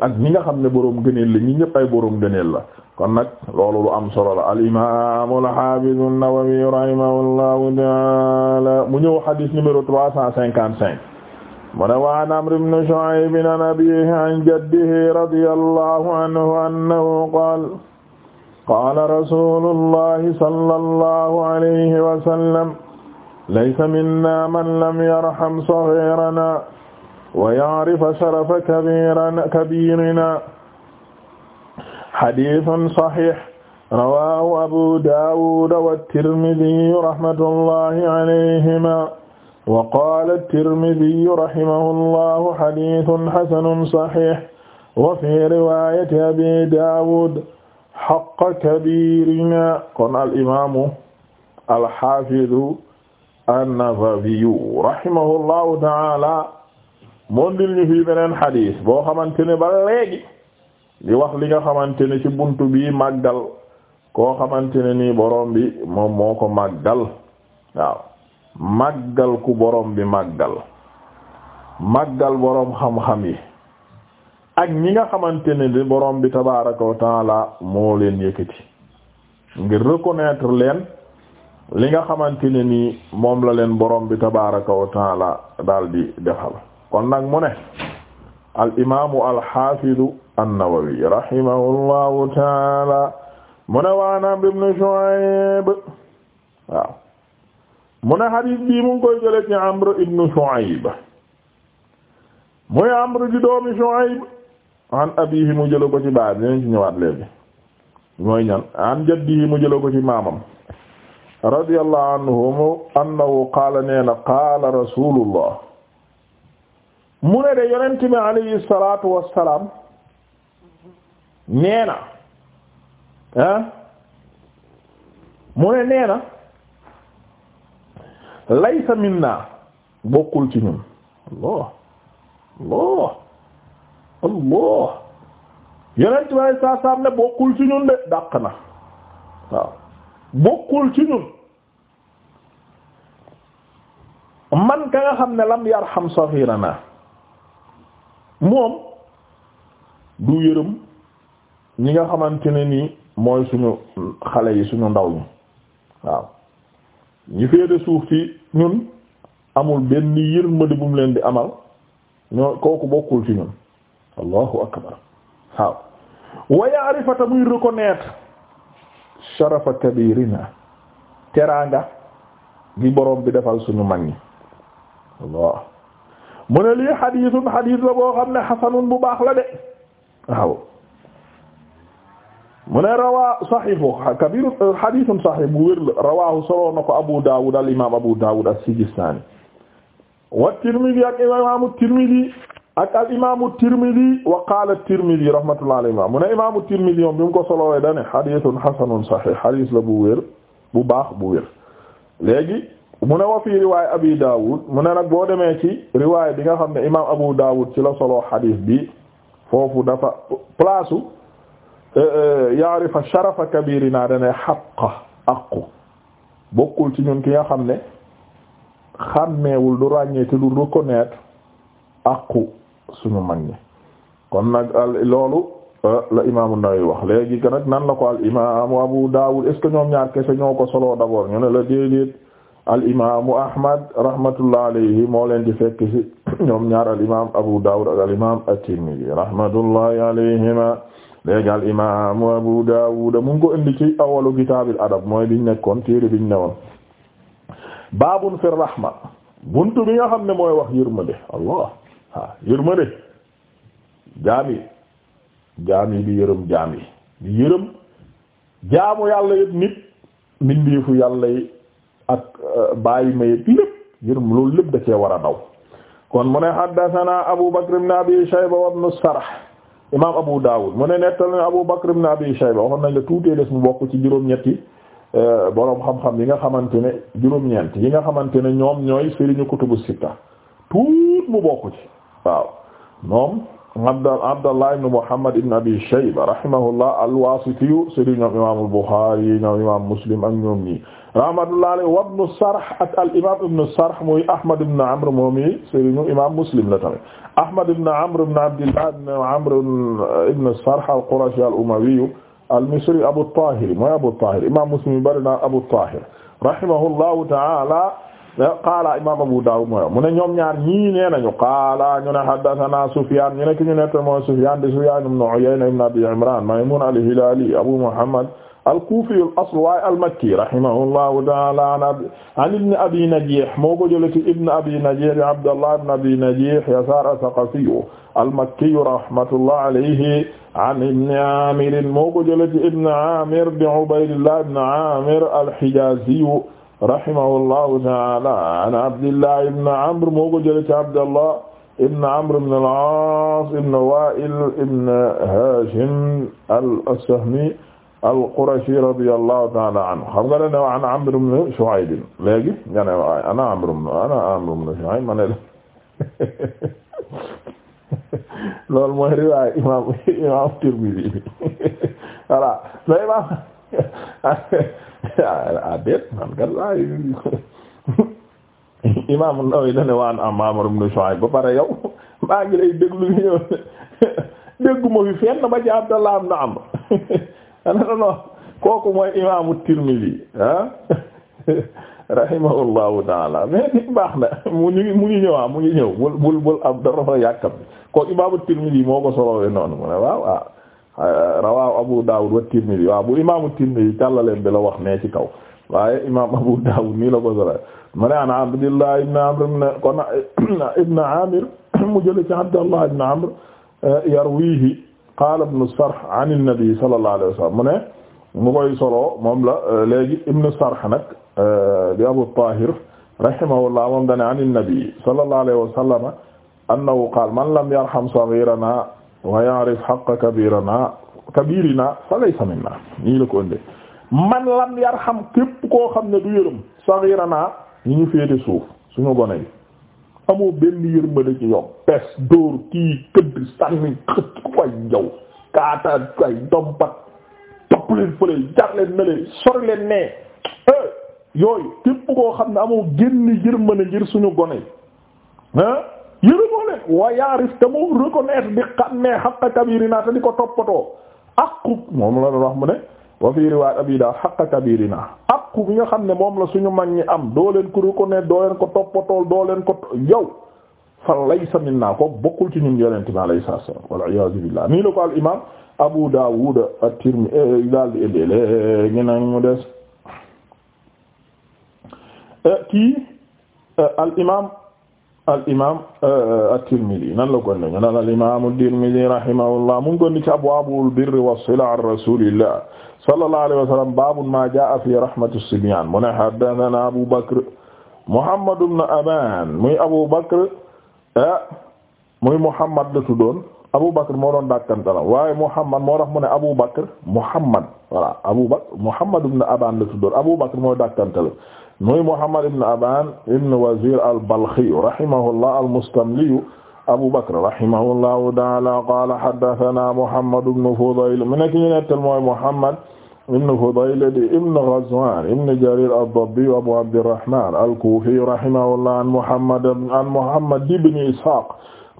ak ñi nga xam ne boroom gëneel la ñi ñëpp ay boroom gëneel la kon nag loolu lu am solo la al imam al hafiz an-Nawawi rahimahullahu taala mu ñëw hadith numéro trois cent cinquante-cinq mu ne wa an Amr ibn Shu'ayb an abihi an jaddihi radiyallahu anhu annahu qaala qaala rasulullahi sallallahu alayhi wa sallam laysa minna man lam yarham saghirana wa ya'rifa sharafa kabiirina hadiisun sahiih rawaahu abu daawuud wa tirmidhi rahmatullahi alayhimaa wa qaala tirmidhi rahimahullahu hadiisun hasanun sahiih wa fii riwaayati abi daawuud haqqa kabiirina kon al-imaamu al-haafidu an-nawawiyu rahimahullahu ta'aala moo ndil ñu fii beneen xadiis boo xamante ne ba léegi di wax li nga xamante ne ci buntu bi màggal koo xamante ne nii boroom bi moom moo ko màggal waaw màggal ku boroom bi màggal màggal boroom xam-xam yi ak ñi nga xamante ne di borom bi tabaaraka wa taala moo leen yëkkati ngir reconnaître leen li nga xamante ne nii moom la leen borom bi tabaaraka wa taala daal di defal kon nag mu ne al imaamu al xaafidu an-Nawawi rahimahullahu taala mu ne waan Amr ibn Shu'ayb waaw mu ne hadith bii mu ngi koy jëlee ci Amr ibn Shu'ayb muy Amr di doomi Shu'ayb an abiihi mu jëlee ko ci baay dinañ ci ñëwaat léegi mooy ñan an jaddihi mu jëlee ko ci maamam radiyallahu anhum annahu qaala nee na qaala rasulullah mu ne de yonent bi alayhi salaatu wassalaam nee na ah, mu ne nee na minna bokkul ci ñun allah allah allah yonent bi alayhi salaatu ne bokkul ci ñun de dàq na waaw bokkul ci ñun man ka nga xam ne lam yarham saghirana moom du yërëm ñi nga xamante ne nii mooy suñu xale yi suñu ndaw ñi waaw ñi féete suuf ci ñun amul benn yërmande bu mu leen di amal ñoo kooku bokkul ci ñun allahu akbar waaw wa ya'rifata muy reconnaître sharafa kabirina teraanga gi borom bi defal suñu mag ñi allah mu ne lii xadiisun xadiis la boo xam ne xasanun bu baax la de waaw mu ne rawaa saxiihu kabiir xadiisun saxiih bu wér la rawaahu soloo na Abu Daawud al imaam Abu Daawud as-Sijistaani wa Tirmidi ak imaamu Tirmidi ak al imaamu wa qaala Tirmidi rahmatullahi alayhi mu ne imaamu Tirmidi moom bi mu ko solowee dane xadiisun xasanun saxiih xadiis la bu wér bu baax bu wér léegi mu ne wa fii riwaay abi Daawud mu ne nag boo demee ci riwaay bi nga xam ne imaam Abu Daawud ci la solo xadiis bi foofu dafa place e, e, yaarifa sharafa kabirina dane xaqa aqu bokkul ci ñun ki nga xam ne xàmmeewul du ràññee te du reconnaître aqu suñu mag ñi kon nag al loolu e, la imaamu Nawawi wax léegi nag nan la ko al imaamu Abu Daawud est ñoom ñaar kese ñoo ko solo d'abord ñu ne la déedéet al imaamu Ahmad rahmatullah alayhi moo leen di ñoom ñaar al imaam Abu Dawud ak al imaam at-Tirmidhi rahmatullahi alayhima Abu Dawud mu indi ci awalu kitaabil adab mooy biñ nekkoon téere biñ newoon. baabun fi rahma buntu bi nga xam ne mooy wax yërmande allah ah yërmande jaami jaami di yërëm jaamu yàlla yëpp nit mbindeefu yàlla yi. ak euh, bàyyi ma yëpp lépp yërëm loolu lépp da cee war a daw kon mu ne haddathana Abu Bakr ibn Abi Shayba wa ibn Sarh imaam Abu Dawud mu ne nettal na Abu Bakr ibn Abi Shayba waxoon na la tuutee des mu bokk ci juróom-ñetti euh, boroom xam-xam yi nga xamante ne juróom-ñeent yi nga xamante ne ñoom ñooy sëriñu kutubu sitta tuut mu bokk ci waaw moom abda Abdallah ibn Muhammad ibn Abi Shayba rahimahullah al-Wasitiyu sëriñ ñoom imaamul Bukhari ñoom imaam Muslim ak rahmatullah alayhi wa ibnu Sarh ak al imam ibnu Sarh muy Ahmad ibn Amr moom i sëriñu imam Muslim la tamit Ahmad ibn Amr ibn Abdillah ibn Amr ibn Sarh al-Qurashi al-Umawi al-Misri Abu Tahir mooy Abu Tahir imam Muslim yu bëri naa Abu Tahir rahimahullahu ta'ala qaala imam Abu Dawud mooy mu ne ñoom ñaar ñii nee nañu qaala ñu ne haddathana Sufyan ñu ne ki ñu nette mooy Sufyan di Sufyan ibn Uyayna ibn Abi Imran Maymun al-Hilali Abu Muhammad al-Kufi al-asl waaye al-Makki rahimahullahu ta'ala an ibn Abi Najih moo ko jëlee ci ibn Abi Najih di Abdallah ibn Abi Najih Yasar as-Saqafi al-Makki rahmatullahi alayhi an ibn Amir moo ko jëlee ci ibn Amir di Ubaydillah ibn Amir al-Hijazi rahimahullahu ta'ala an Abdillah ibn Amr moo ko jëlee ci Abdallah ibn Amr ibn al-As ibn Wa'il ibn Hashim al-Sahmi al-Qurashi radiyallahu ta'ala anhu xam nga ne wa ana Amr ibn Shu'ayb léegi nga ne ana Amr ana Amr ibn Shu'ayb ma ne la loolu mooy riwaay imaam imaam Tirmidhi bi voilà mais imaam ah déet man kat waaye imaam Nawawi da ne wa ana Amr ibn Shu'ayb ba pare yow maa ngi lay déglu ñëw dégguma fi fenn ba ci Abdallah ibn Ah, non kooku mooy imaamu Tirmidhi ah rahimahullahu taala mais ni baax na mu ngi mu ngi ñëwaa ah, mu ngi ñëw bul bul bul am dafa yàkkam ko u Tirmidhi moo ko solowee noonu mu ne waaw waaw ah. rawaaw Abu Dawud wa Tirmidhi waaw bu imaamu Tirmidhi càllaleen bi la wax nee ci kaw waaye imaam Abu Dawud nii la ko solowee mu an Abdullah ibn Amr ibn Amir ibn Amr yarwihi qaala ibnu sarh an annabi sallallahu alayhi wa sallam mu ne mu koy soloo moom la euh, léegi ibnu sarh nag euh, di abu tahir rahimahullah moom dane an annabi sallallahu alayhi wa sallam annahu qaala man lam yarham saghirana wa ya'rif haqqa kabirana kabirina fa laysa minna nii la ko ënde man lam yarham képp koo xam ne du yërëm saghirana ñi ñu féete suuf suñu gone yi amoo benn yërmande ci ñoom pes dóor kii këdd sànni xët way njaw kaata way dompat topp leen fële jar leen leen sori leen eh, yooyu képp koo xam ne amoo génn yërmande ngir suñu gone yi ah yërëmoo leen waa yaarif te mu reconnaître di xàmmee xaqa kabirina te di ko toppatoo aqu moom la wax mu ne wa fi riwaayat abi da kabirina àqu bi nga xam ne moom la suñu mag ñi am doo leen ko reconnaître doo ko toppatool doo leen ko yow fa laysa minna ko bokkul ci ñun yonente bi alayhi salaam wal iyaazu billah nii la ko al imam Abu Dawud at-Tirmidhi eh, daal di ëddeele ngi nag mu des eh, kii eh, al imam al imaam euh, at-Tirmidhi nan la gon ne nan al imaam at-Tirmidhi rahimahullah mu ngi gon ci abwaabul birri was-sila an rasulillah sallallahu alayhi wa sallam baabun maa jaa'a fi rahmatis sibyaan mu ne haddathanaa Abu Bakr Muhammad ibn Abaan muy Abu Bakr eh, muy Muhammad la tuddoon Abu Bakr moo doon dàkkanta la waaye Muhammad moo tax mu ne Abu Bakr Muhammad voilà Abu Bakr Muhammad ibn Abaan la tuddoon Abu Bakr mooy dàkkanta la muy Muhammad ibn Aban ibn Wazir al-Balkhi rahimahullah al-Mustamli Abu Bakr rahimahullahu ta'ala qala haddathana Muhammad ibn Fudayl mu nekk ñu nettal mooy Muhammad ibn Fudayl ibn Ghazwan ibn Jarir ad-Dabbi Abu Abdirrahman al-Kufi rahimahullah an Muhammad an Muhammad ibn Ishaq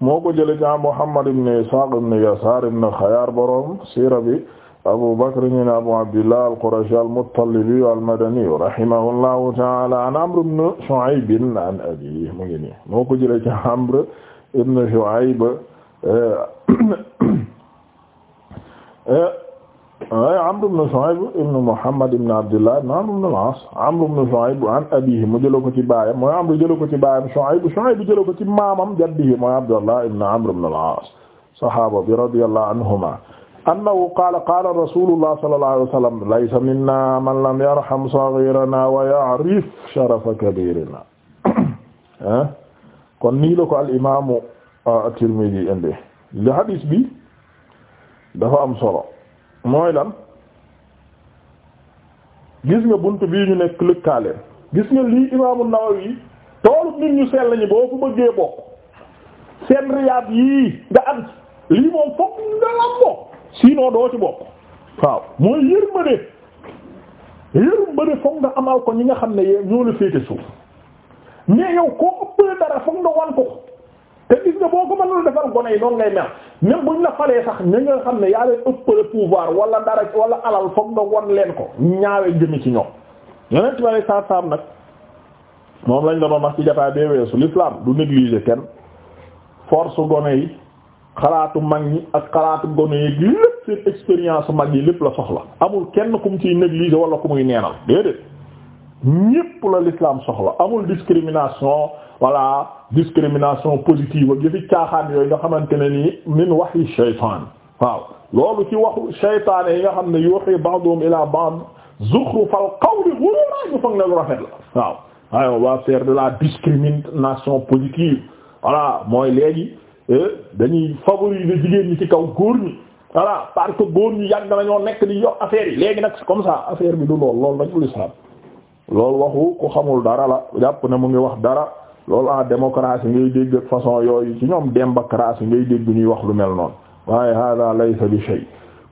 moo ko jëlee ci Muhammad ibn Ishaq ibn Yasar ibn Khayyar borom siira bi abu bakr ñu ne abu abdillah al-qurashi al-muttalibi al-madani rahimahullahu ta'ala an amr ibn shu'ayb an abiihi mu ngi nii moo ko jëlee ci amr ibn shu'ayb eh, eh, amr ibn shu'ayb ibn muhammad ibn abdillah ibn amr ibn al-as amr ibn shu'ayb an abiihi mu jëlee ko ci baayam mooy amr jëlee ko ci baayam shu'ayb shu'ayb jëlee ko ci maamam jaddihi mooy abdullah ibn amr ibn al-as sahaaba bi radiyallahu anhuma annahu qaala qaala rasulullah sallallahu alayhi laysa minna man lam yarham saghirana wa ya'rif sharafa kabirina eh? kon nii la ko al imaamu uh, at-Tirmidhi indi li hadis bi dafa am solo mooy lan gis nga bunt bi ñu nekk lëkkaaleen gis nga lii imaamu Nawawi toolu nit ñu sell ñi boo ko bëggee bokk seen riyaab yii nga am lii moom fokk nga lamboo sinon doo ci bokk waaw mooy yërmande yërmande foog nga amal ko ñi nga xam ne yee ñoo la féete suuf mais yow koo ëppale dara foog nga wan ko te gis nga boo ko mënul defal gone yi noonu ngay mel même buñ la falee sax ña nga xam ne yaa leen ëppale pouvoir wala dara wala alal foog nga wan leen ko ñaawee jëmi ci ñoom yeneen ci wàllu saam nag moom lañ la doon wax ci jotaay bee weesu l'islam du négliger kenn force gone yi. xalaatu mag ak xalaatu gone yi lépp seen expérience mag yi lépp la soxla amul kenn ku mu ciy négliger wala ku muy neenal déedéet ñépp la l'islam soxla amul discrimination voilà discrimination positive ak yëfi caaxaan yooyu nga xamante ne nii min waxi shaytaan waaw loolu ci waxu shaytaan yi nga xam ne yuuhi ba'dhum ila ba'd zukhrufal qawli ghuruuraa ñu foog ne lu rafet la waaw waaye on va faire de la discrimination positive voilà mooy léegi Eh? dañuy favoriser jigéen ñi ci kaw góor ñi voilà parce que góor ñi yàgg nañoo nekk di yokk affaire yi léegi nag comme ça affaire bi du lool loolu dañu lislaam loolu waxu ku xamul dara la jàpp ne mu ngi wax dara loolu en démocratie ngay dégg façon yooyu ci ñoom démocratie ngay dégg ñuy wax lu mel noonu waaye hada laysa bi shay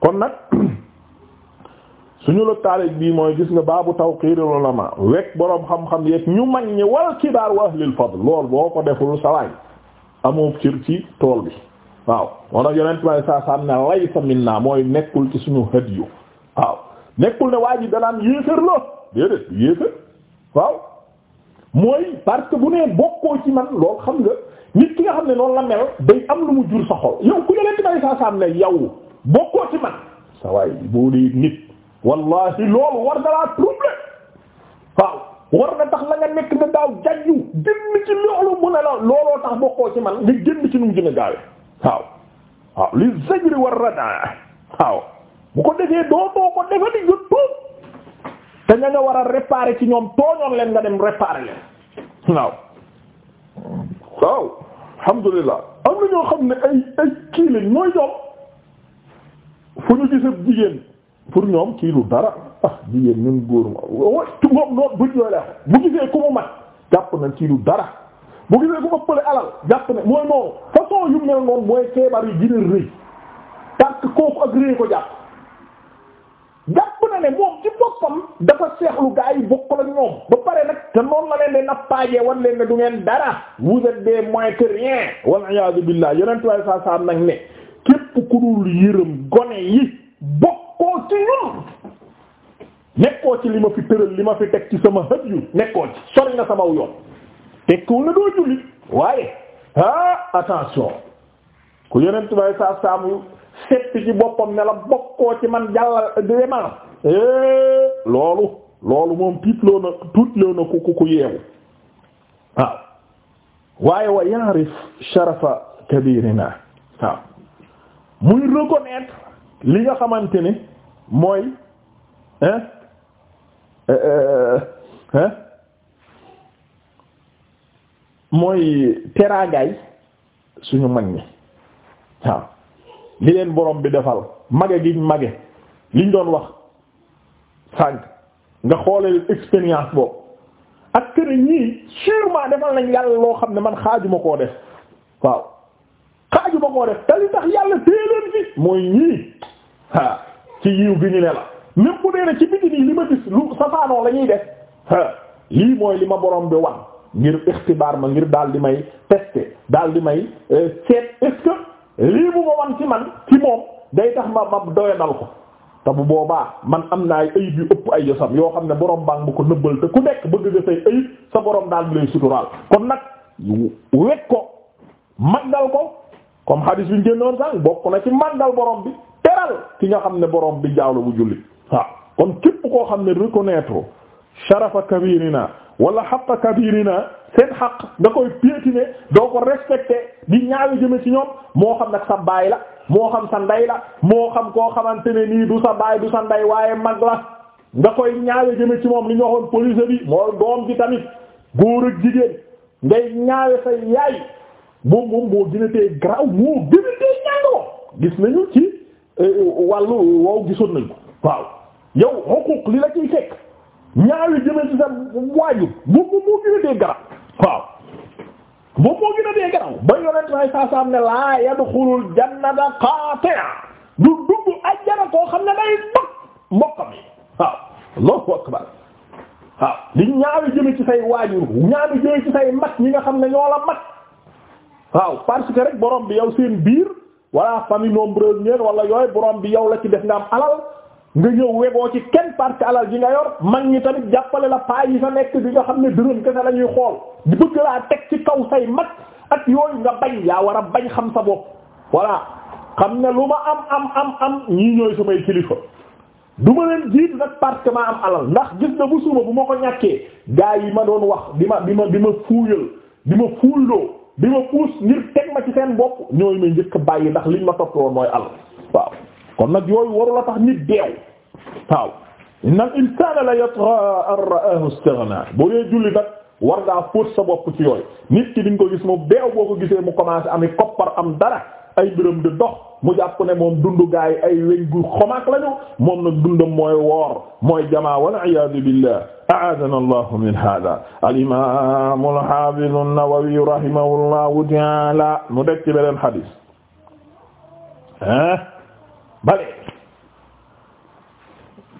kon nag suñu la taalib bii mooy gis nga baabu tawqiiril ulama wekk boroom xam-xam yeeg ñu mag ñi wal kibaar wa ahlil fadl ko deful sawaay amoo cër ci tool bi waaw moo tax yonent bi saa saa am ne laysa minna mooy nekkul ci suñu hadiyu waaw nekkul ne waa ji danaan yéeféer la déedéet yéeféer waaw mooy parce que bu nee bokkoo ci man lool xam nga nit ki nga xam ne noonu la mel day am lu mu jur sa xol yow ku yonent bi saa saa am ne yow bokkoo ci man sa waay boo dee nit wallahi loolu war na laa waaw war na nekk nga daaw jajju génn ci loolu mu ne la looloo tax bokkoo ci man nga génn ci nu mu gën a gaawee waaw waaw li zajri war radaa waaw bu ko defee doo too ko defati nga tuub te ña nga war a réparer ci ñoom tooñoon leen nga dem réparer leen waaw waaw alhamdulillah am na ñoo xam ne ay ay kii lañ mooy ñoom fu ñu gis ab jigéen pour ñoom kii lu dara ah jigéen ñun góor ma tu moom noonu buñ yooyu la bu gisee ku mu mat jàpp na kii lu dara bu gisee ku ko pële alal na mooy noonu façon yu mel noonu feebar yi gën a ko jàpp na ne moom ci boppam dafa seexlu gaa yi bokk la ñoom ba pare nag te noonu la leen di nappaajee wan leen ne du ngeen dara vous êtes des moins que rien wal iyaadu billah yeneen tuwaay saa saa ne képp ku dul yërëm gone yi bokk nekkoo ci ñun nekkoo ci li ma fi tëral li ma fi teg ci sama hëj yu nekkoo ci sori nga sama yoon tekkiwul na doo julli waaye ah, attention ku yeneen may saa saamu setti ci boppam ne bokkoo ci man jàllal demanam eh, loolu loolu moom tiitloo na tuutloo na ku ku ku yeewu waaw waaye wa yaarif sharafa kabirina waaw muy reconnaître li nga xamante ne mooy hein euh, euh, hein mooy teraagaay suñu mag ñi waaw li leen borom bi defal mage giñ mage liñ doon wax sànq nga xoolee expérience boobu ak kër ñii sûrement defal nañ yàlla loo xam ne man xaajuma koo def waaw xaajuma koo def te tax yàlla téye leen fi mooy ñii waaw ci yiw bi ñu ne la même bu dee ne ci biti nii li ma gis lu safaanoo la ñuy def lii mooy li ma borom bi wan ngir ixtibaar ma ngir daal di may tester daal di may euh, seet est lii bu ma wan ci man ci moom day tax ma ma doyadal ko te bu boobaa man am na ay ayib ëpp ay yosam yoo xam ne borom baa bu ko nëbbal te ku nekk bëgg nga say ayib sa borom daal di lay suturaal kon nag wekk ko màggal ko comme hadis bi ñu génnoon bokk na ci màggal borom bi. teral ki nga xam ne borom bi jaaw la bu jullit waaw kon képp koo xam ne reconnaître sharafa kabirina wala xaqa kabirina seen xaq nga koy piétiner doo ko respecter di ñaawi jëme ci ñoom moo xam ne sa baay la moo xam sa nday la moo xam koo xamante ne nii du sa baay du sa ndey waaye mag la nga koy ñaawe jëme ci moom li ñu waxoon police bi moo doom bi tamit góor ak jigéen ngay ñaawe sa yaay moom moom moo gën graw moo gën a gis nañu ci wàllu wow gisoon nañ ko waaw yow xuquq li la ciy fekk ñaawi jëmee ci sa waajur bu bu moo gën a dee garab waaw bu moo gën a dee garab ba yonent may saasaam ne laa yadxulul jannata qati'a du dugg ajjana koo xam ne day mbokk mbokk mi waaw allahu akbar waaw li ñaawi jëmee ci say waajur ñaawi jëmee ci say mag ñi nga xam ne ñoo la mag waaw parce rek borom bi yow seen biir walla famille nombreuse ñeen wala yooy borom bi yow la ci def nga am alal nga ñëw weboo ci kenn parce que alal ji nga yor mag ñi tamit jàppale la paa yi fa nekk di nga xam ne dërëm kese la ñuy xool di bëgg laa teg ci kaw say mag ak yooyu nga bañ yaa war a bañ xam sa bopp voilà xam ne lu ma am am am am ñii ñooy samay kilifa du ma leen jiitu nag parce que maa am alal ndax gis na bu suba bu ma ko ñàkkee gaa yi ma doon wax di ma di ma di ma fuuyal di di ma puus seen bopp ñooy may njëkk bàyyi ndax liñ ma topploon mooy àll waaw kon nag yooyu waru la tax nit deew waaw inna al insana la yatra an ra'ahu istaghna boo dee julli nag war ngaa fóot sa bopp ci yooyu nit ki di ko gis mu beew boo ko gisee mu commencé ami koppar am dara ay mbiram di dox mu jàpp ne moom dundu gaay ay weñ gu xomaak moom nag dundam mooy woor mooy jamaa wal iyaadu billah a'aadana allahu min hada al imam al hafiz an-Nawawi rahimahullahu mu dekk bale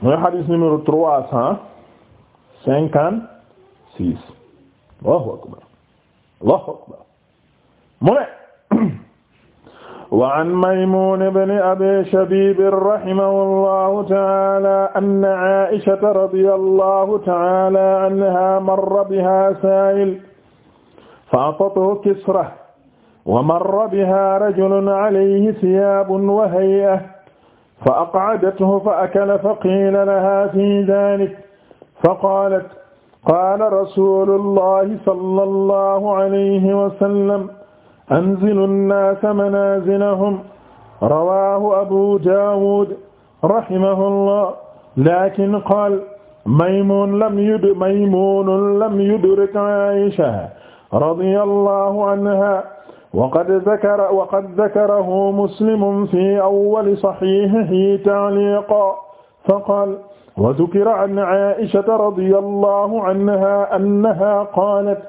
mooy hadis numéro trois cent cinquante six allahu akbar allahu akbar mu wa an Maymuun ibn Abi Shabiib rahimahullahu ta'aala anna Aa'ishata radiyallahu ta'aala anhaa marra bihaa saa'il fa'atatuhu kisra wa marra bihaa rajulun alayhi thiyaabun wa hay'a fa'aq'adathu fa'akala faqiila lahaa fii dhaalika faqaalat qaala rasuulullahi sallallahu alayhi wa sallam anzilu nnaasa manaazilahum rawaahu abu daawuud rahimahullah laakin qaala maymuun lam yud maymuun lam yudrik aayisha radiyallahu anha waqad zakara waqad zakarahu muslimun fi awwali sahiihihi ta'liiqan faqaala wa dhukira an aayishata radiyallahu anha annahaa qaalat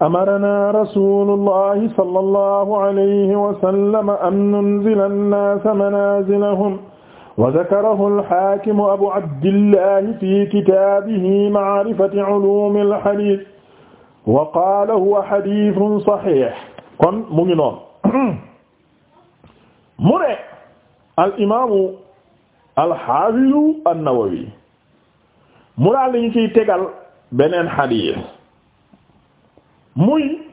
amarana rasulullahi sallallahu alayhi wa sallam an nunzila an-naasa manaazilahum wa zakarahu al-haakim abu abdillahi fi kitaabihi ma'rifatu uluumi al-hadiis wa qaala huwa hadiisun sahiih kon mu ngi noonu mu ne al-imaamu al-haafidu an-nawawi mu daal lañu ciy tegal beneen hadiis muy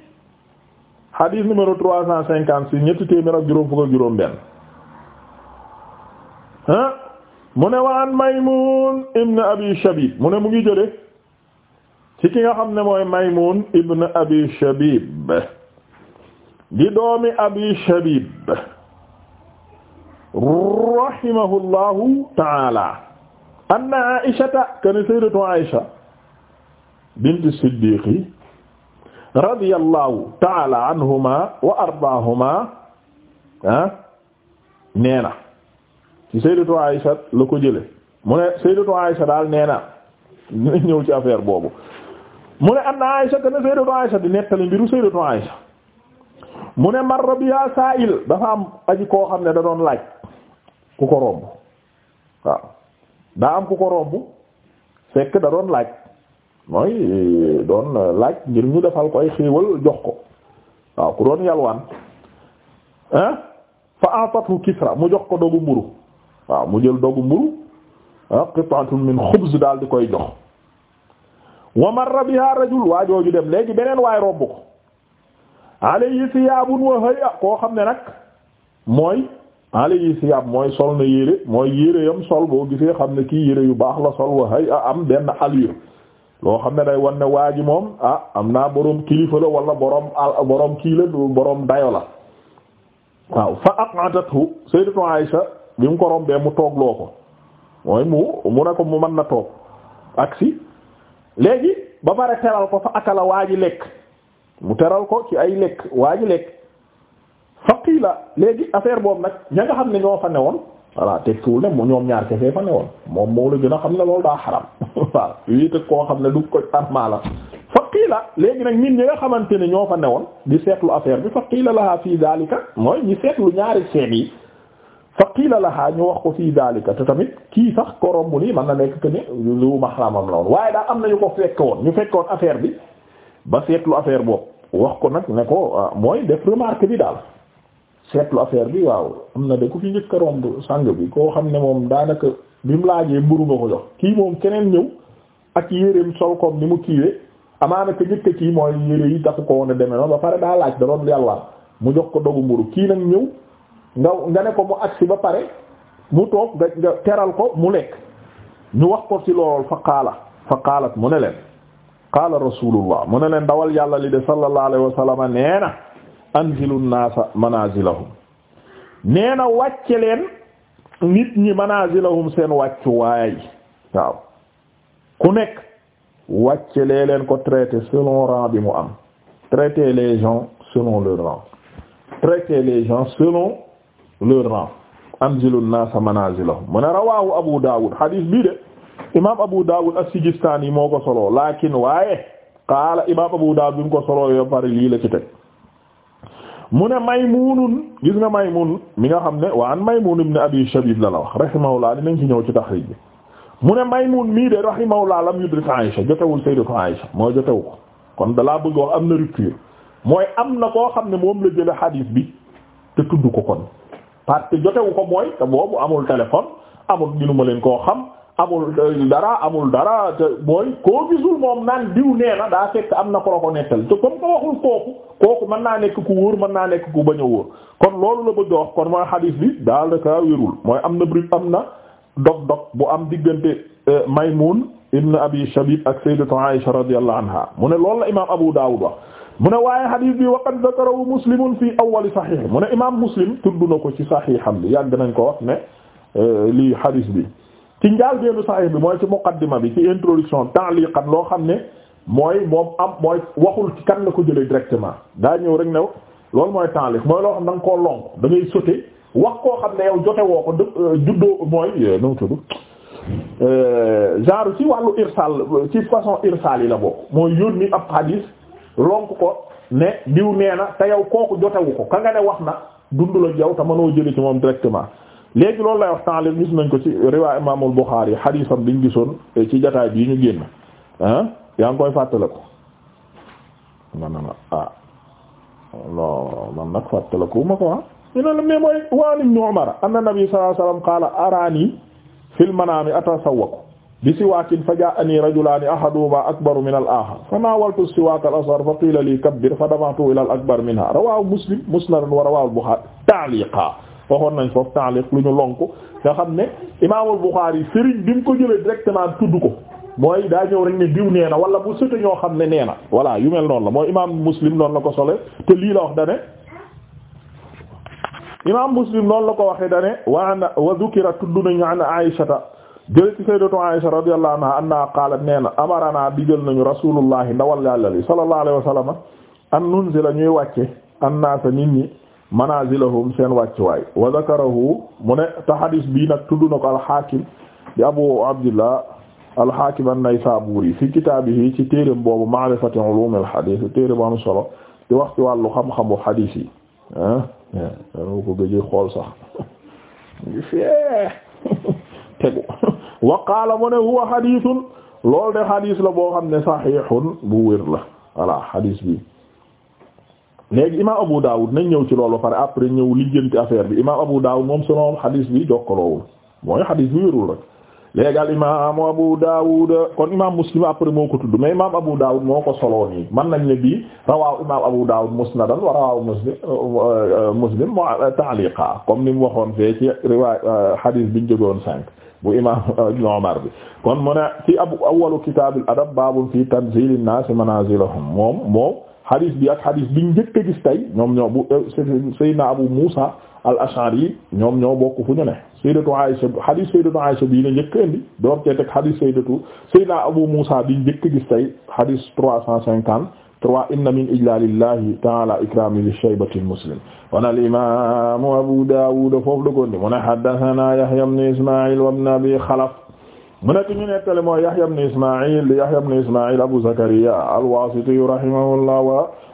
hadith numéro trois cent cinquante six ñetti téeméer ak juróom fukk ak juróom benn mu ne waan Maymun ibn Abi Shabib mu ne mu ngi jële ci ki nga xam ne mooy Maymun ibn Abi Shabib di doomi Abi Shabib rahimahullahu taala anna Aishata kana sayyidatu Aisha bint Siddiqi radiyallahu taala anhuma wa ardaahuma ah nee na ci sayyidatu Aisha la ko jële mu ne sayyidatu Aisha daal nee na ñu ñëw ci affaire boobu mu ne anna Aisha kana sayyidatu Aisha di nettali mbiru sayyidatu Aisha mu ne marra biha dafa am aji koo xam ne da doon laaj ku ko romb waaw daa am ku ko romb fekk da doon laaj mooy euh, doon euh, laaj ngir ñu defal ko ay xéewal jox ko waaw ku doon yalwaan ah fa atatu kisra mu jox ko dogu mburu waaw mu jël dogu mburu ah qit'atun min xubz daal di koy jox wa marra biha rajul waa jooju dem léegi beneen waay romb ko alayhi siyaabun wa hay'a koo xam ne nag mooy alayhi siyaab mooy sol na yére mooy yére yam sol boo gisee xam ne kii yére yu baax la sol wa hay'a am benn allure loo xam ne day wan ne waa ji moom ah am naa boroom kilifa la wala boroom al boroom kii la boroom dayo la waaw fa aq'adathu sayyidatu Aisha bi mu ko rombee mu toog loo ko mooy mu mu ne ko mu mën na toog ak si léegi ba pare teral ko fa akala waa ji lekk mu teral ko ci ay lekk waa ji lekk fa la léegi affaire boobu nag ña nga xam ne ñoo fa newoon voilà tekkiwul ne mu ñoom ñaar kese fa ne woon moom moo la gën a xam ne loolu daa xaram waaw yéeg ak koo xam ne du ko armaa la fa qiila léegi nag ñun ñi nga xamante ne ñoo fa ne woon di seetlu affaire bi fa qiila laha fii daalika mooy ñi seetlu ñaari seen yi fa qiila laha ñu wax ko fii daalika te tamit kii sax korom bu nii mën na nekk que ne lu mahramam la woon waaye daal am na ñu ko fekk woon ñu fekkoon affaire bi ba seetlu affaire boobu wax ko nag ne ko ah, mooy def bi daal. seetlu affaire bi waaw am na de ku fi njëkk romb sang bi koo xam ne moom daanaka bi mu laajee mburu nga ko jox kii moom keneen ñëw ak yéreem sol koom ni mu kiiwee amaana ka njëkk kii mooy yére yi taxu ko woon a demee noonu ba pare daa laaj da yàlla mu jox ko dogu mburu kii nag ñëw nga nga ne ko mu agsi ba pare mu toog nga nga teral ko mu lekk ñu wax ko ci lool fa qaala fa qaalat mu ne leen qaala rasulullah mu ne leen dawal yàlla li de sallallahu alayhi wa sallam nee anzilu naasa manazilahum nee na leen nit ñi manazilahum seen wàccuwaay waaw ku nekk wàcce leen ko traiter selon rang bi mu am traiter les gens selon leur rang traiter les selon leur rang anzilu manazilahum mu ne Abu Dawud hadith bii de imam Abu Dawud as-Sijistani moo ko solo lakin waaye qaala imam Abu Dawud bi mu ko solo yo pare lii la ci teg mu ne Maymuun gis nga Maymuun mi nga xam ne wa an Maymuun ibn Abi Shabiib la la wax rahimahullah dinañ ci ñëw ci taxriij bi mu ne Maymuun mii de rahimahullah lam yudrik Aysa jotewul sayyidatu Aysa moo jotewu ko kon dalaa bëgg am na rupture mooy am na koo xam ne moom la jële xadiis bi te tudd ko kon parce jotewu ko mooy te boobu amul téléphone amul ginu ma leen koo xam amul dara amul dara te mooy koo gisul moom naan diw nee daa fekk am na ko la ko nettal te comme ko waxul kooku kooku mën naa nekk ku woor mën naa nekk ku bañ a kon loolu la bëgg a wax kon mooy xadiis bi daal da mooy am na brib am na dog-dog bu am diggante euh, Maymun ibn Abi Shabib ak sayyidatu Aisha radiyallahu anha mu ne loolu la imaam Abu Dawud wax mu ne waaye xadiis bi waqad zakarahu muslimun fi awwali saxiix mu ne imaam muslim tudd na ko ci am bi yàgg nañ ko wax ne euh, lii xadiis bi ci njaal beenu saxee bi mooy ci muqaddima bi ci introduction ta'liqan loo xam ne mooy moom am mooy waxul ci kan la ko jëlee directement daa ñëw rek new loolu mooy ta'liq mooy loo xam da nga koo lonk da ngay wax koo xam ne yow jote woo ko juddoo mooy eh, nu mu tudd eh, genre ci wàllu irsal ci façon irsal yi la bokk mooy yónni ab hadis lonk ko ne diw nee na te yow kooku jotewu ko ka nga ne wax na dund la yow te mënoo jëlee ci moom directement léegi loolu lay wax tànlib gis ko ci riwaay imaamul Buxaari xadiisam biñ gisoon eh, ci jataay bii ñu génn ah yaa ngi koy fàttaliku man na ah non man nag fàttaliku ma ko ah. la mais mooy waan ibnu Umar anna nabi sallallahu alayhi wasallam qaala araani fil manaami atasawwaku bi siwaakin fa jaa'anii rajulaani ahaduhumaa akbaru minal aaxar fa naawaltu siwaaka al-asghar fa qiila lii kabbir fa dafa'tu ilal akbar minhaa rawaahu muslim musnadan wa rawaahu al-Buxaari ta'liiqan waxoon nañ foofu taaliq lu ñu lonku nga xam ne imaamul Buxaari sëriñ bi mu ko jëlee directement tudd ko mooy daa ñëw rek ne diw nee na wala bu sëte ñoo xam ne nee na voilà yu mel noonu la mooy imaam Muslim noonu la ko sole te lii la wax dane imaam Muslim noonu la ko waxee dane wa ana wa dhukira tudd nañu an Aysata jële ci sayyidatu Aysha radiyallahu anha anna qaalat nee na amarana digal nañu rasulullahi ndawal yàlla li sallallahu alayhi wa sallam an ñuy wàcce an naasa nit ñi manazilahum seen wàccuwaay wa zakarahu mu ne te hadis bii nag tudd na ko alxakim di abu abdillah alxakim an-naysaburi fi kitaabihi ci téereem boobu ma'rifati ulum al-hadis téere bu am solo di wax ci wàllu xam-xamu hadis yi ah eh, dana ko gëj xool sax ngi fee tegu wa la boo xam ne sahihun bu wér la voilà bi. léegi imaam Abu Dawud nañ ñëw ci loolu pare après ñëw lijjanti affaire bi imaam Abu Dawud moom solo xadis bi jokkaloowul mooy xadis bi wérul rek léegi al imaam Abu Dawud kon imaam Muslim après moo ko tudd mais imaam Abu Dawud moo ko solo nii mën nañ ne bi rawaaw imaam Abu Dawud musnadan wa rawaaw Muslim euh, Muslim ta'liqa comme ni waxoon fee ci riwaay xadis euh, biñ jógoon sànq bu imaam Ibn Umar bi kon mu ne ci abu awwalu kitaabul adab baabun fi tanziilin naasi moom moom. xadis bi ak xadis biñ njëkk a gis tey ñoom ñoo bu euh, Seydina Abu Musa al-Ash'ari ñoom ñoo bokk fu ñu ne Sayyidatu Aisha xadis Sayyidatu Aisha bii la njëkk a indi door cee teg xadis Sayyidatu Seydina Abu Musa biñ njëkk a gis tey xadis trois cent cinquante trois inna min ijlalillahi ta'ala ikrami li shaybati al-muslim wana al-imam Abu Dawud foofu la ko indi mu ne haddathana Yahya ibn Isma'il wa ibn Abi Khalaf mu nekk ñu nettali mooy Yahya ibn Isma'il di Yahya ibn Isma'il Abu Zakariya al-Wasiti rahimahullah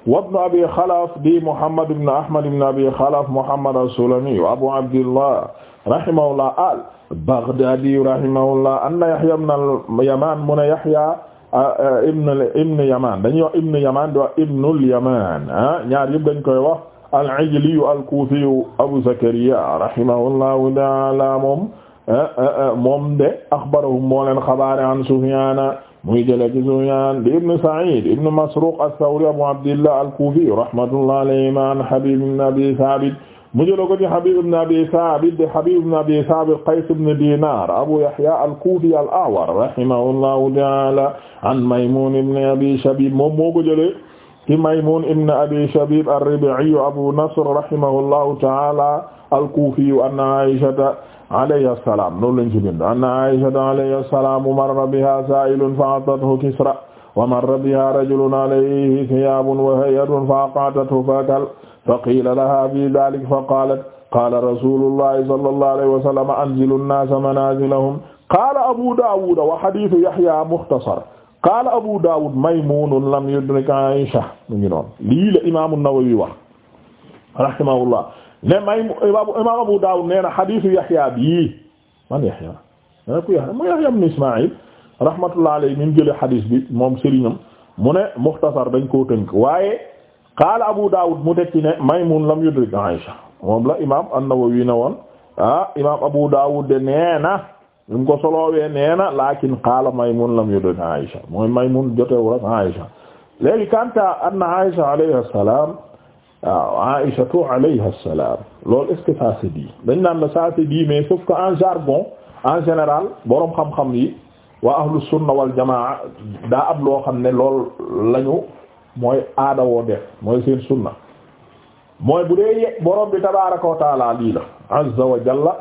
wa ibn Abi Khalaf di Muhammad ibn Ahmad ibn Abi Khalaf Muhammad as-Sulami Abu Abdillah rahimahullah al-Baghdadi rahimahullah anna Yahya ibn al-Yaman mu ne Yahya ibn ibn Yaman dañuy wax ibn Yaman di wax ibnul Yaman ah ñaar yëpp dañ koy wax al-Ajli al-Kufi Abu Zakariya rahimahullah Eh, eh, eh, moom de axbarahum moo leen xabaare an Sufyaan muy jële ci Sufyaan di ibn Sa'iid ibn Masruuq as-Sawri Abu Abdillah al-Kuufi rahmatullah alayhima an Habiib ibn Abi Saabit mu jële ko ci Habiib ibn Abi Saabit de Habiib ibn Abi Saabit Qays ibn Diinaar Abu Yahya al-Kuufi al-A'war rahimahullahu ta'aala an Maymuun ibn Abi Shabiib moom moo ko jële ci Maymuun ibn Abi Shabiib ar-Ribaa'i Abu Nasr rahimahullahu ta'aala al-Kuufi an Aysata alayhi assalam noonu lañ ci bind anna aisata alayhi assalam marra biha sa'ilun fa'atathu kisra wa marra biha rajulun alayhi thiyabun wa hay'atun fa'aqatathu fakal faqila laha fi dhalik faqalat qala rasulullahi sallallahu alayhi wa sallam anzilu an-nasa manazilahum qala abu dawud wa hadithu yahya mukhtasar qala abu dawud maymunun lam yudrik aisha mu ngi noon lii la imam an-nawawi wax rahimahullah ne may imaam Abu Daawud nee na xadiisu Yaxya bii man Yaxya ne ku Yaxya mu Yaxya ibn Ismaayil rahmatullah alayhi min jële xadiis bi moom sëriñam mu ne muxtasar dañ koo tënk waaye qaala Abu Daawud mu tekki ne Maymun lam yudrik Aysa moom la imaam an-Nawawi woon ah imaam Abu Daawud de nee na ñu ko soloowee nee na laakin qaala Maymun lam yudrik Aysa mooy Maymun joteewul ak Aysa léegi kanta anna Aysa alayha salaam waaw Aïshatu alayha salaam loolu est-ce dañ naan la ça se mais sauf que en jargon en général boroom xam-xam yi waa ahlu sunna wal daa am loo xam ne lool lañu mooy aada woo def mooy seen sunna mooy bu dee boroom bi tabaaraka wa taala lii la azza wa jalla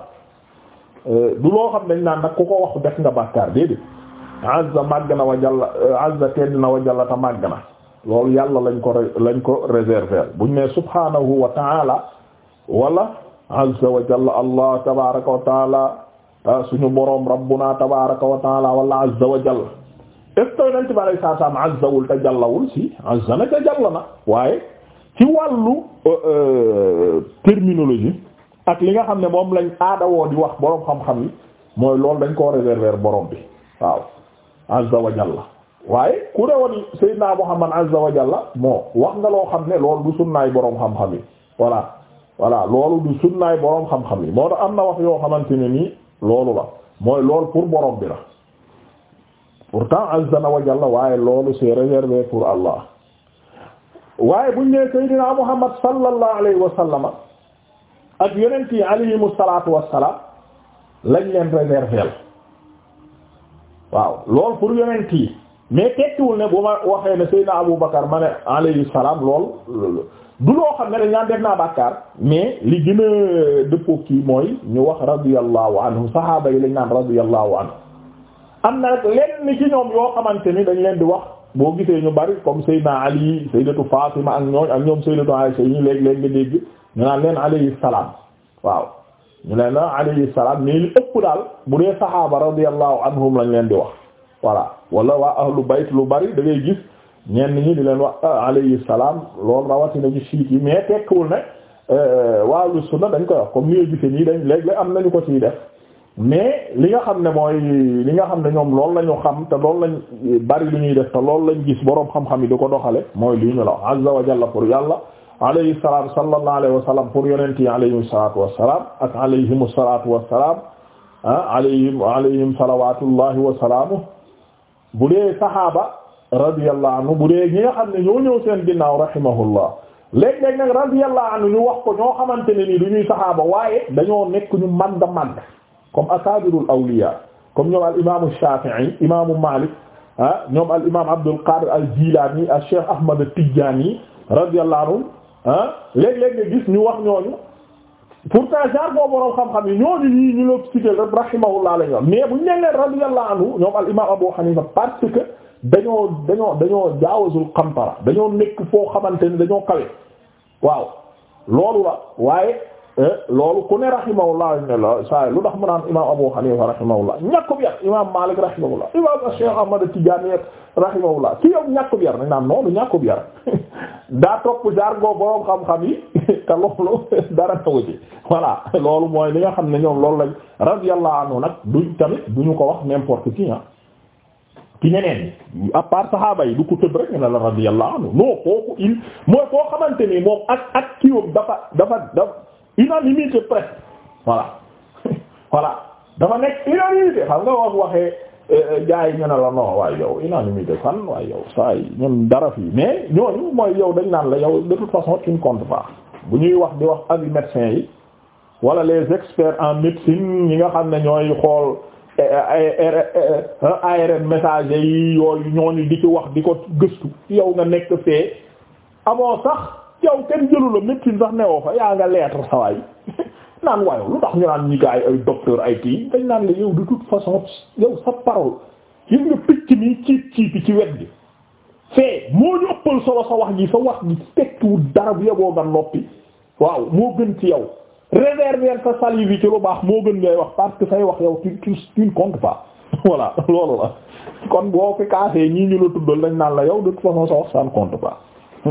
euh, du loo xam dañ naan nag ku ko wax def nga bàkkaar déedéet azza màgg na wa jalla euh, azza tedd na wa jalla ta màgg na loolu yàlla lañ ko lañ ko réserver buñ ne subhanahu wa ta'ala wala azza wa jalla allah tabaraka wa taala ah, suñu boroom rabbuna tabaraka wa taala wala azza wa jalla est ce que yonent bi alay si azza na te waaye ci wàllu euh, euh, terminologie ak nga xam ne moom lañ aadawoo di wax boroom xam-xam yi mooy loolu dañ koo réserver borom bi waaw azza wa jalla waaye ku rewoon Seydina Muhammad azza wa moo wax nga loo xam ne loolu du sunnaay boroom xam-xam yi voilà voilà loolu du sunnaay boroom xam-xam yi moo tax am na wax yoo xamante ne nii loolu la mooy lool pour boroom bi la pourtant azza wa jalla waaye loolu c'est réservé pour Allah waaye buñ nee Seydina Muhammad sallallahu alayhi wa sallama ak yonent yi alayhimu salaatu wassalaam lañ leen réservé waaw loolu pour yonent yi mais tekkiwul ne bu ma waxee ne Seydina Abu Bakar ma ne alayhi lool du loo xam ne dañ naan def naa bàkkaar mais li gën a dëppoo kii mooy ñu wax radiyallahu anhu saxaaba yi lañ naan radiyallahu anhu am na rek lenn ci ñoom yoo xamante ni dañ leen di wax boo gisee ñu bari comme Seydina Ali Sayyidatu Fatima ak ñooñ ak ñoom Sayyidatu Aisha ñu leen léeg nga dégg ñu naan leen alayhi salaam waaw ñu leen alayhi salaam mais li ëpp daal bu dee saxaaba radiyallahu anhum lañ leen di wax voilà wala waa ahlu bayt lu bari da ngay gis ñenn ñi di leen wax ah, alayhi salaam loolu rawatina ci siit yi mais tekkiwul ne euh, waa ahlu sunna dañ koy wax comme ni nga gisee nii dañ léeg am nañu ko ciy def mais li nga xam ne mooy li nga xam ne ñoom loolu la ñu xam te lool lañ bari lu ñuy def te loolu lañ gis boroom xam-xam yi di ko doxale mooy lii ñu la wax azza wa jalla pour yàlla alayhi salaam sallallahu alayhi wa sallam pour yonent yi alayhim salaatu wassalaam ak alayhim salaatu wassalaam ah alayhim alayhim salawatullahi wa salaamuhu bu dee saxaaba radiyallahu anhu bu dee ñi nga xam ne ñoo ñëw seen ginnaaw rahimahullah léeg-léeg nag radiyallahu anhu ñu wax ko ñoo xamante ne nii du ñuy saxaaba waaye dañoo nekk ñu màgg màgg comme asaabirul awliya comme ñoom al imaamu Shafi'i imaamu Malik ah ñoom al imaam Abdul Qadir al Jilani al Cheikh Ahmad Tidjani radiyallahu anhu ah léeg-léeg nga gis ñu wax ñooñu. pourtant genre boo borom xam-xam yi ñooñu ñii ñu la cité rek rahimahullah la ñu wax mais bu ñu nee leen radiyallahu anhu ñoom al imam Abu Hanifa parce que dañoo dañoo dañoo qantara dañoo nekk foo xamante ne dañoo kawe waaw loolu la waaye. Eh, loolu ku ne rahimahullah ne la saa lu tax mu naan imaam Abu Hanifa rahimahullah ñàkkub yar imaam Malik rahimahullah imaam Cheikh Ahmad Tidiane rahimahullah ci yow ñàkkub yar dañ naan noonu ñàkkub yar daa topp jargon boroom xam-xam yi te loolu dara taw ci voilà loolu mooy li nga xam ne ñoom loolu lañ radiyallahu anhu nag duñ ñu ko wax n'importe qui ah ci ñeneen ñi à part saxaaba yi du ko tëb rek ne la radiyallahu anhu non kooku il mooy koo xamante ni moom ak ak kiiwam dafa dafa dafa unanimité presque voilà voilà dafa nekk unanimité xam nga wax waxee euh, gars yi ñu ne la non waaye yow unanimité fan waaye yow saa yi ñun dara fii mais ñooñu mooy yow dañ naan la yow de toute façon tu ne comptes bu ñuy wax di wax avis médecins yi wala les en médecine ñi nga xam ne ñooy xool eh, eh, eh, ARN messager yi yooyu ñooñu di ci wax di ko gëstu yow nga nekk fee amoo sax. yow kenn jëlu la médecine sax newoo fa yaa nga lettre sawaay naan waaye lu tax ñu naan ñi gaay ay docteur ay kii dañ naan la yow de toute façon yow sa parole gis nga ci wet gi fee moo ñu ëppal wax ji sa wax ji tekkiwul dara bu yeboo nga noppi waaw moo gën ci yow réserver sa salive yi ci lu baax moo gën ngay wax parce que say wax yow tu tu ne comptes pas boo fi kaasee ñii ñu la tuddal naan la yow de toute façon sa wax ça compte pas